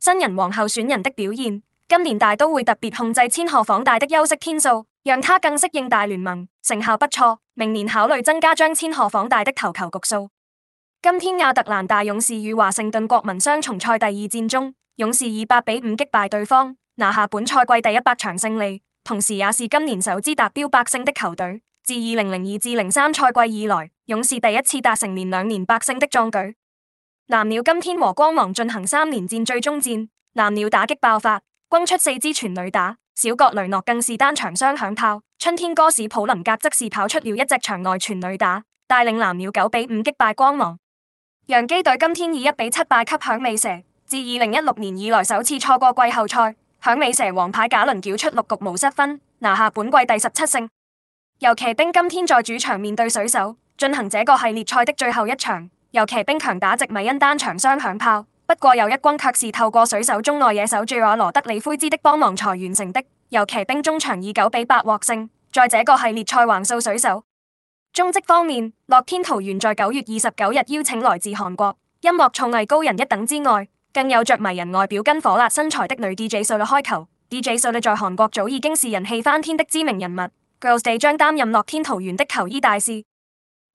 新人王候選人的表現，今年大都會特別控制千賀滉大的休息天數，讓他更適應大聯盟，成效不錯。明年考慮增加將千賀滉大的投球局數。今天亞特蘭大勇士與華盛頓國民雙重賽第二戰中，勇士以八比五擊敗對方，拿下本賽季第一百場勝利，同時也是今年首支達標百勝的球隊。自二零零二至零三賽季以來，勇士第一次達成連兩年百勝的壯舉。藍鳥今天和光芒進行三連戰最終戰，藍鳥打擊爆發，轟出四支全壘打，小角雷諾更是單場雙響炮。春天哥史普林格則是跑出了一隻場外全壘打，帶領藍鳥九比五擊敗光芒。洋基隊今天以一比七敗給響尾蛇，自二零一六年以來首次錯過季後賽。響尾蛇王牌賈倫繳出六局無失分，拿下本季第十七勝。遊騎兵今天在主場面對水手，進行這個系列賽的最後一場。由騎兵強打直米恩單場雙響炮，不過有一轟卻是透過水手中內野手最阿羅德里灰之的幫忙才完成的。由騎兵中場以九比八獲勝。在這個系列賽橫掃水手。中職方面，樂天桃猿在九月二十九日邀請來自韓國，音樂造詣高人一等之外，更有着迷人外表跟火辣身材的女 DJ SODA 開球。DJ SODA 在韓國早已經是人氣翻天的知名人物。Girls Day 將擔任樂天桃猿的球衣大使。